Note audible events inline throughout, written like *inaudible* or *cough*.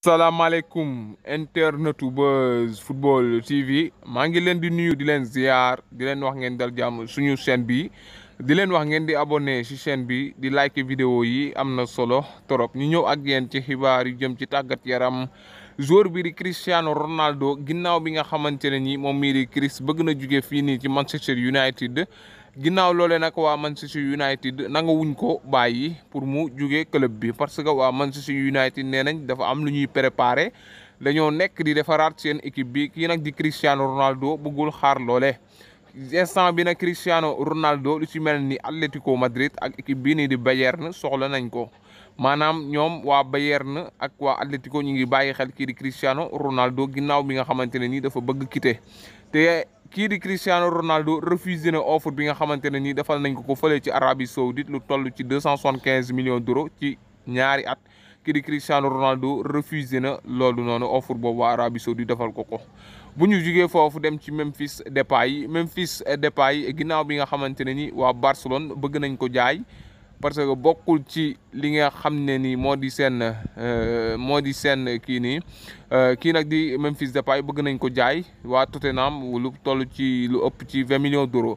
salaamaaleykum internetu Buzz Football TV maa ngi leen di nuyu di leen ziar di leen wax ngeen dal jàmm suñu chaîne bi di leen wax ngeen di abonné ci seen bi di like vidéo yi am na solo trop ñu ñëw ak yéen ci xibaar yu jëm ci tàggat yaram joueur bi di Cristiano Ronaldo ginnaaw bi nga xamante ne ni moom mii di Chris bëgg na jóge fii nii ci Manchester United. ginnaaw loole nag waa Manchester United nanga wuñ ko bàyyi pour mu jóge club bi parce que waa Manchester United nee nañ dafa am lu ñuy préparé dañoo nekk di defaraat seen équipe bi kii nag di Cristiano Ronaldo bëggul xaar loole instant bi nag Cristiano Ronaldo lu ci mel ni Atlético Madrid ak équipe bii nii di Bayern soxla nañ ko maanaam ñoom waa Bayern ak waa Atlético ñu ngi bàyyi xel kii di Cristiano Ronaldo ginnaaw bi nga xamante ne nii dafa bëgg quitter te kii di Cristiano Ronaldo refusé na offre bi nga xamante ne nii defal nañ ko ko fële ci Arabie Saoudite lu toll ci deux cent soixante quinze millions d'euros ci ñaari at. kii di Cristiano Ronaldo refusé na loolu noonu offre boobu waa Arabie Saoudi defal ko ko bu ñu jugee foofu dem ci Memphis Depay Memphis Depay ginnaaw bi nga xamante ne ni waa Barcelone bëgg nañ ko jaay parce que bokkul ci li nga xam ne nii moo di seen euh, moo di seen kii nii euh, kii nag di Memphis Depay bëgg nañ ko jaay waa Tottenham lu toll ci lu ëpp ci vingt millions d'euros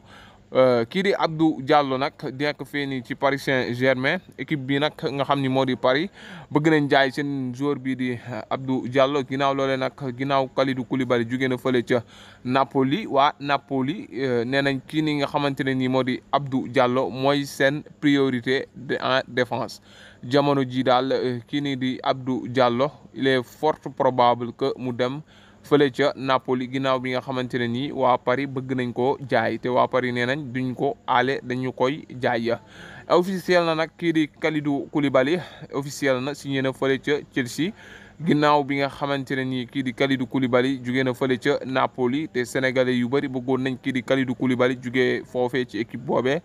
Euh, kii di Abdou jàllo nag di nekk fii nii ci Paris Saint-Germain équipe bi nag nga xam ni moo di Paris bëgg nañ jaay seen jour bii di Abdou Diallo ginnaaw loolee nag ginnaaw Kalidou Koulibaly jugee na fële ca Napoli waa Napoli euh, nee nañ kii ni nga xamante ne nii moo di Abdou Diallo mooy seen priorité en défence jamono ji daal euh, kii nii di Abdou Diallo il est fort probable que mu dem. fële ca Napoli ginnaaw bi nga xamante ne nii waa Paris bëgg nañ ko jaay te waa Paris nee nañ duñ ko aale dañu koy jaay officiel na nag kii di Kalidou Koulibaly officiel na signé na fële ca Chelsea ginnaaw bi nga xamante ne nii kii di Kalidou Koulibaly jugee na fële ca Napoli te sénégalais yu bëri bëggoon nañ kii di Kalidou Koulibaly jugee foofee ci équipe boobee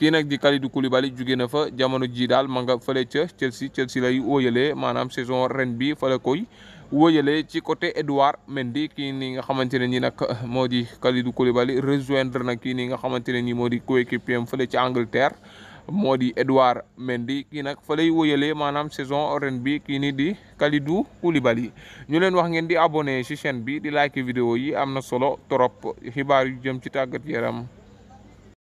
kii nag di Kalidou Koulibaly jugee na fa jamono jii daal ma nga fële ca Chelsea Chelsea lay wóoyalee maanaam saison ren bi fa la koy. wëyale ci côté Edouard Mendy kii nii nga xamante ne nii nag *laughs* moo di Kalidou Koulibaly rejoindre na kii nii nga xamante ne nii moo di coéquipier am fële ci Angleterre moo di Edouard Mendy kii nag fa lay wëyalee maanaam saison ren bi kii nii di Kalidou Koulibaly ñu leen wax ngeen di abonné ci chaîne bi di like vidéo yi am na solo trop xibaar yu jëm ci tàggat yaram.